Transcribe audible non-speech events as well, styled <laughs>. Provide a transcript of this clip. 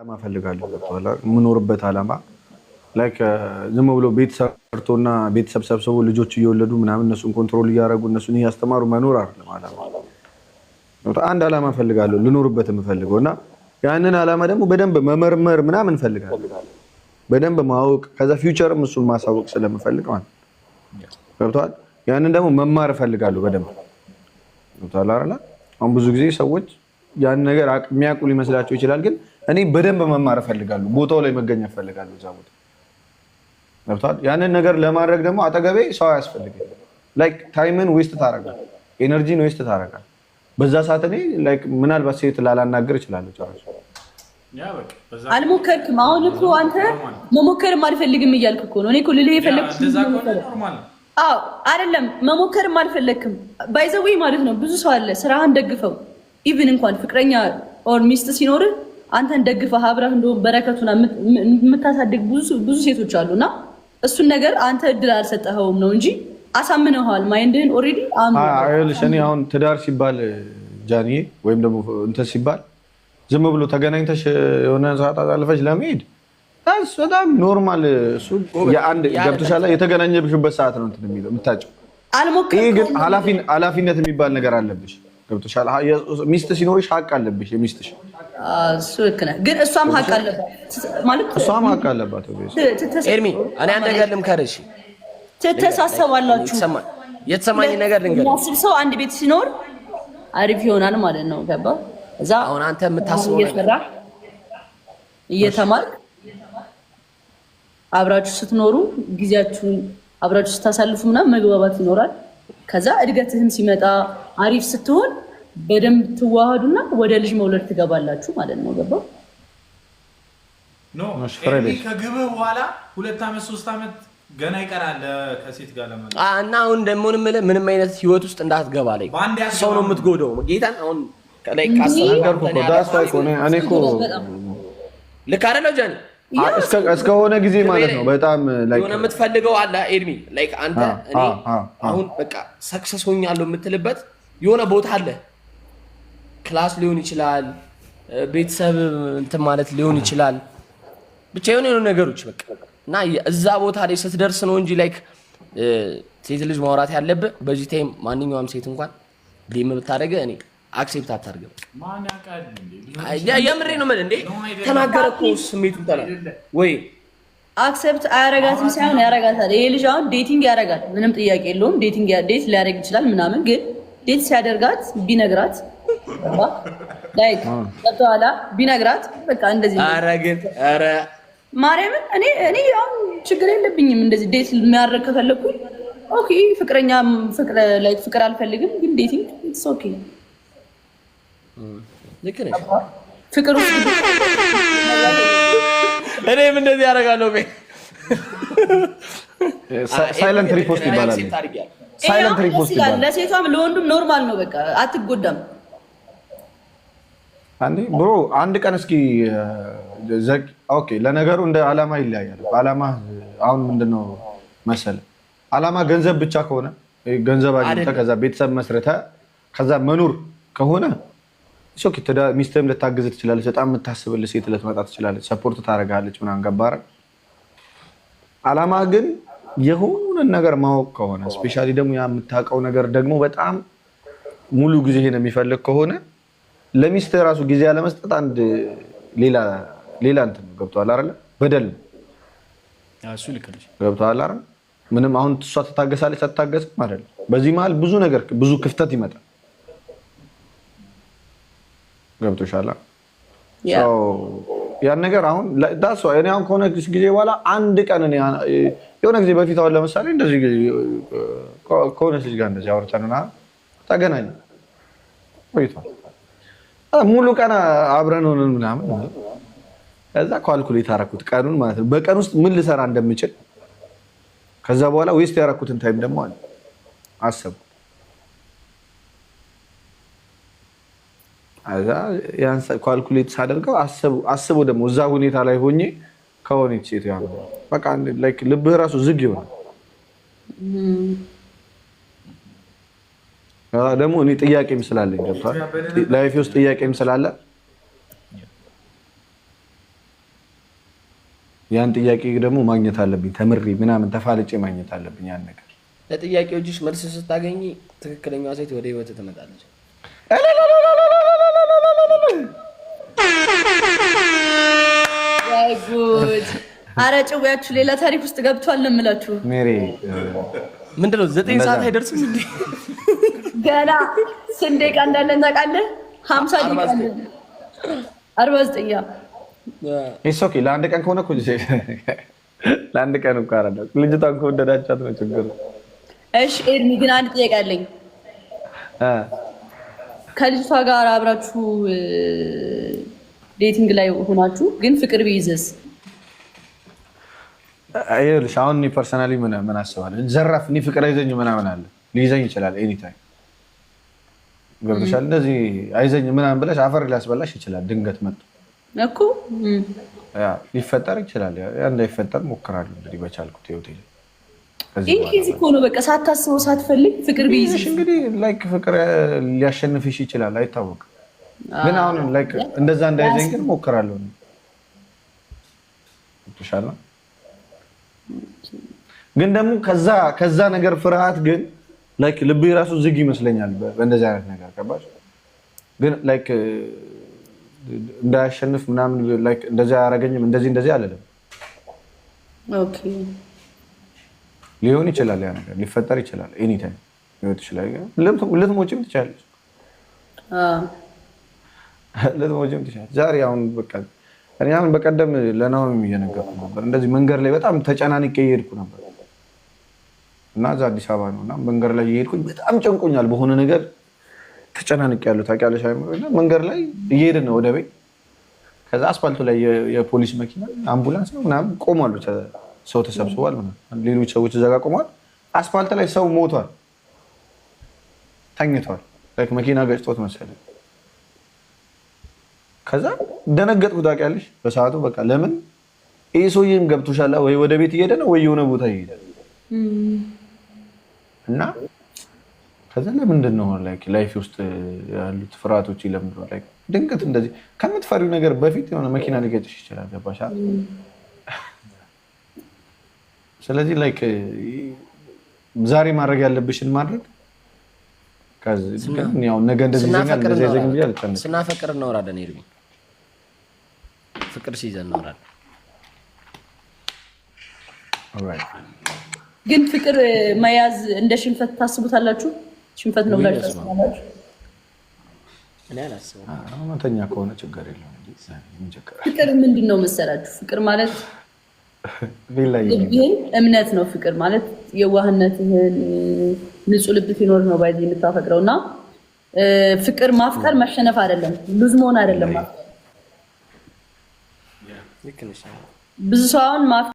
አላማ እፈልጋለሁ። ገብቶሃል? የምኖርበት አላማ ላይክ uh, ዝም ብሎ ቤት ሰርቶና ቤተሰብ ሰብስቦ ልጆች እየወለዱ ምናምን እነሱን ኮንትሮል እያደረጉ እነሱን እያስተማሩ መኖር አይደለም አላማ። አንድ አላማ ፈልጋለሁ ልኖርበት የምፈልገው እና ያንን አላማ ደግሞ በደንብ መመርመር ምናምን እፈልጋለሁ፣ በደንብ ማወቅ፣ ከዛ ፊውቸርም እሱን ማሳወቅ ስለምፈልግ ማለት ገብቶሃል? ያንን ደግሞ መማር እፈልጋለሁ በደንብ ገብቶሃል አሁን ብዙ ጊዜ ሰዎች ያን ነገር የሚያውቁ ሊመስላቸው ይችላል ግን እኔ በደንብ መማር እፈልጋለሁ። ቦታው ላይ መገኘት እፈልጋለሁ። እዛ ቦታ ገብቷል። ያንን ነገር ለማድረግ ደግሞ አጠገቤ ሰው አያስፈልገኝ። ላይክ ታይምን ዌስት ታረጋል፣ ኤነርጂን ዌስት ታረጋል። በዛ ሰዓት እኔ ላይክ ምናልባት ሴት ላላናገር እችላለሁ። ጨረሱ አልሞከርክም። አሁን እኮ አንተ መሞከርም አልፈልግም እያልክ እኮ ነው። እኔ እኮ ልልህ የፈለግኩት አይደለም፣ መሞከርም አልፈለግክም። ባይዘዌ ማለት ነው። ብዙ ሰው አለ ስራህን ደግፈው ኢቭን እንኳን ፍቅረኛ ኦር ሚስት ሲኖርህ አንተን ደግፈህ አብረህ እንደውም በረከቱና የምታሳድግ ብዙ ሴቶች አሉና እሱን ነገር አንተ እድል አልሰጠኸውም ነው እንጂ አሳምነዋል። ማይንድህን ኦልሬዲ ይኸውልሽ፣ እኔ አሁን ትዳር ሲባል ጃንዬ ወይም ደግሞ እንትን ሲባል ዝም ብሎ ተገናኝተሽ የሆነ ሰዓት አሳልፈሽ ለመሄድ በጣም ኖርማል እሱ የአንድ ገብቶሻል። የተገናኘብሽበት ሰዓት ነው እንትን የሚለው የምታጭው ይህ ግን ኃላፊነት የሚባል ነገር አለብሽ። ገብቶሻል። ሚስት ሲኖርሽ ሀቅ አለብሽ የሚስትሽ እሱ ልክ ነህ፣ ግን እሷም ሀቅ አለባት ማለት እሷም ሀቅ አለባት። ኤርሚ እኔ አንድ ልምከርሽ፣ ትተሳሰባላችሁ። የተሰማኝ ነገር ልንገርህ፣ ሰው አንድ ቤት ሲኖር አሪፍ ይሆናል ማለት ነው። ገባ እዛ አሁን አንተ የምታስበው አብራችሁ ስትኖሩ ጊዜያችሁን አብራችሁ ስታሳልፉ ምናምን መግባባት ይኖራል። ከዛ እድገትህም ሲመጣ አሪፍ ስትሆን በደንብ ትዋሃዱና ወደ ልጅ መውለድ ትገባላችሁ ማለት ነው። ገባው ከግብህ በኋላ ሁለት ዓመት ሶስት ዓመት ገና ይቀራል ከሴት ጋር እና አሁን ደግሞ ምልህ ምንም አይነት ህይወት ውስጥ እንዳትገባ ላይ ሰው ነው የምትጎደው። ጌታን አሁን ላይ ልክ አይደለው ጀን እስከሆነ ጊዜ ማለት ነው። በጣም የሆነ የምትፈልገው አለ ኤድሚ አንተ እኔ አሁን በቃ ሰክሰስ ሆኛለሁ የምትልበት የሆነ ቦታ አለ ክላስ ሊሆን ይችላል፣ ቤተሰብ እንትን ማለት ሊሆን ይችላል። ብቻ የሆነ የሆኑ ነገሮች በቃ እና እዛ ቦታ ላይ ስትደርስ ነው እንጂ ላይክ ሴት ልጅ ማውራት ያለብህ በዚህ ታይም ማንኛውም ሴት እንኳን ብሌም ብታደረገ እኔ አክሴፕት አታርገም። የምሬ ነው የምልህ። እንዴ ተናገረ እኮ ስሜቱ ተና ወይ አክሴፕት አያረጋትም ሳይሆን ያረጋታል። ይሄ ልጅ አሁን ዴቲንግ ያረጋል፣ ምንም ጥያቄ የለውም። ዴቲንግ ዴት ሊያደርግ ይችላል ምናምን፣ ግን ዴት ሲያደርጋት ቢነግራት ላይክ ቢነግራት በቃ እንደዚህ ኧረ ግን ኧረ ማርያምን እኔ እኔ አሁን ችግር የለብኝም እንደዚህ ዴት የሚያደርግ ከፈለግኩኝ ኦኬ ፍቅረኛ ፍቅር አልፈልግም ግን ዴቲንግ ኦኬ ልክ ነሽ ፍቅር እኔም እንደዚህ ያደርጋለሁ ሳይለንት ሪፖስት ይባላል ሳይለንት ሪፖስት ይባላል ለሴቷም ለወንዱም ኖርማል ነው በቃ አትጎዳም ብሮ አንድ ቀን እስኪ ለነገሩ እንደ አላማ ይለያያል። በአላማ አሁን ምንድነው መሰለ አላማ ገንዘብ ብቻ ከሆነ ገንዘብ አግኝተ ከዛ ቤተሰብ መስረተ ከዛ መኖር ከሆነ ሚስትም ልታግዝ ትችላለች። በጣም የምታስብል ሴት ልትመጣ ትችላለች። ሰፖርት ታደርጋለች ምናምን ገባረ። አላማ ግን የሆኑንን ነገር ማወቅ ከሆነ ስፔሻሊ ደግሞ ያ የምታውቀው ነገር ደግሞ በጣም ሙሉ ጊዜ የሚፈልግ ከሆነ ለሚስት ራሱ ጊዜ አለመስጠት አንድ ሌላ ሌላ እንትን ገብቶሃል አይደለ? በደል እሱ ልክ ገብቶሃል ምንም አሁን እሷ ትታገሳለች አትታገስም አይደል? በዚህ መሀል ብዙ ነገር ብዙ ክፍተት ይመጣል። ገብቶሻል? ያን ነገር አሁን ዳስ እኔ አሁን ከሆነ ጊዜ በኋላ አንድ ቀን የሆነ ጊዜ በፊት አሁን ለምሳሌ እንደዚህ ከሆነ ልጅ ጋር እንደዚህ አውርተንና ተገናኘን ቆይቷል። ሙሉ ቀን አብረን ሆነን ምናምን ከዛ ኳልኩሌት አደረኩት ቀኑን ማለት ነው፣ በቀን ውስጥ ምን ልሰራ እንደምችል። ከዛ በኋላ ዌስት ያደረኩትን ታይም ደግሞ አለ አሰቡ። ኳልኩሌት ሳደርገው አስበው ደግሞ እዛ ሁኔታ ላይ ሆኜ ከሆነች ሴት ያለ በቃ ልብህ ራሱ ዝግ ይሆናል። ደግሞ እኔ ጥያቄም ስላለኝ ገብቷል። ላይፌ ውስጥ ጥያቄም ስላለ ያን ጥያቄ ደግሞ ማግኘት አለብኝ። ተምሪ ምናምን ተፋልጬ ማግኘት አለብኝ ያን ነገር። ለጥያቄዎችሽ መልስ ስታገኝ ትክክለኛዋ ሴት ወደ ህይወት ትመጣለች። አረ ጭውያችሁ ሌላ ታሪክ ውስጥ ገብቷል ነው ምንድነው ዘጠኝ ሰዓት አይደርስም እንዴ? ገና ስንት ደቂቃ እንዳለን ታውቃለህ? ሀምሳ ደቂቃ አርባ ዘጠኝ ኦኬ። ለአንድ ቀን ከሆነ <laughs> ለአንድ ቀን እኮ አረዳ። ልጅቷን ከወደዳቻት ነው ችግሩ። እሺ ኤርሚ ግን አንድ ጥያቄ አለኝ። ከልጅቷ ጋር አብራችሁ ዴቲንግ ላይ ሆናችሁ ግን ፍቅር ቢይዘስ? ይኸውልሽ አሁን እኔ ፐርሰናሊ ምን አስባለሁ፣ ዘራፍ እኔ ፍቅር ይዘኝ ምናምን አለ ሊይዘኝ ይችላል ኤኒታይም ገብተሻል። እንደዚህ አይዘኝ ምናምን ብለሽ አፈር ሊያስበላሽ ይችላል። ድንገት መጡ እኮ ሊፈጠር ይችላል። እንዳይፈጠር ሞክራለሁ እንግዲህ በቻልኩት ህይወቴ ይህ እኮ ነው በቃ ሳታስበው ሳትፈልግ ፍቅር ቢይዝሽ እንግዲህ ላይክ ፍቅር ሊያሸንፍሽ ይችላል፣ አይታወቅም። ግን አሁን ላይክ እንደዛ እንዳይዘኝ ግን ሞክራለሁ። ግን ደግሞ ከዛ ነገር ፍርሃት ግን ላይክ ልብህ ራሱ ዝግ ይመስለኛል በእንደዚህ አይነት ነገር ገባሽ። ግን ላይክ እንዳያሸንፍ ምናምን ላይክ እንደዚህ አያረገኝም እንደዚህ እንደዚህ አልልም። ኦኬ ሊሆን ይችላል፣ ያ ነገር ሊፈጠር ይችላል፣ ኤኒታይም ሊሆን ይችላል። ልትሞጪም ትችላለች፣ <laughs> ልትሞጪም ትችላለች። ዛሬ አሁን በቃ እኔ አሁን በቀደም ለናሆም እየነገርኩ ነበር፣ እንደዚህ መንገድ ላይ በጣም ተጨናንቄ እየሄድኩ ነበር እና እዛ አዲስ አበባ ነው እና መንገድ ላይ እየሄድኩኝ በጣም ጨንቆኛል። በሆነ ነገር ተጨናንቅ ያሉ ታውቂያለሽ። መንገድ ላይ እየሄድን ነው ወደ ቤት። ከዛ አስፋልቱ ላይ የፖሊስ መኪና አምቡላንስ ነው ምናምን ቆሟሉ። ሰው ተሰብስቧል፣ ሌሎች ሰዎች እዛ ጋር ቆሟል። አስፋልት ላይ ሰው ሞቷል፣ ተኝቷል። መኪና ገጭቶት መሰለኝ። ከዛ ደነገጥኩ ታውቂያለሽ በሰዓቱ በቃ ለምን ይህ ሰውዬም ገብቶሻል ወይ ወደ ቤት እየሄደ ነው ወይ የሆነ ቦታ ይሄዳል። እና ከዚ ለምንድን ነው ላይፍ ውስጥ ያሉት ፍርሃቶች ለምንድን ነው ድንገት እንደዚህ ከምትፈሪው ነገር በፊት የሆነ መኪና ሊገጭሽ ይችላል። ገባሻ? ስለዚህ ላይክ ዛሬ ማድረግ ያለብሽን ማድረግ ነገ ስናፈቅር እናወራለን። ሄድ ፍቅር ሲይዘን እናወራለን። ግን ፍቅር መያዝ እንደ ሽንፈት ታስቡታላችሁ? ሽንፈት ነው ብላችሁ ታስቡታላችሁ? እውነተኛ ከሆነ ችግር የለውም። ፍቅር ምንድን ነው መሰላችሁ? ፍቅር ማለት ይህን እምነት ነው። ፍቅር ማለት የዋህነትህን ንጹህ ልብ ሲኖር ነው ባይ የምታፈቅረው እና ፍቅር ማፍቀር መሸነፍ አይደለም፣ ብዙ መሆን አይደለም። ብዙ ሰው አሁን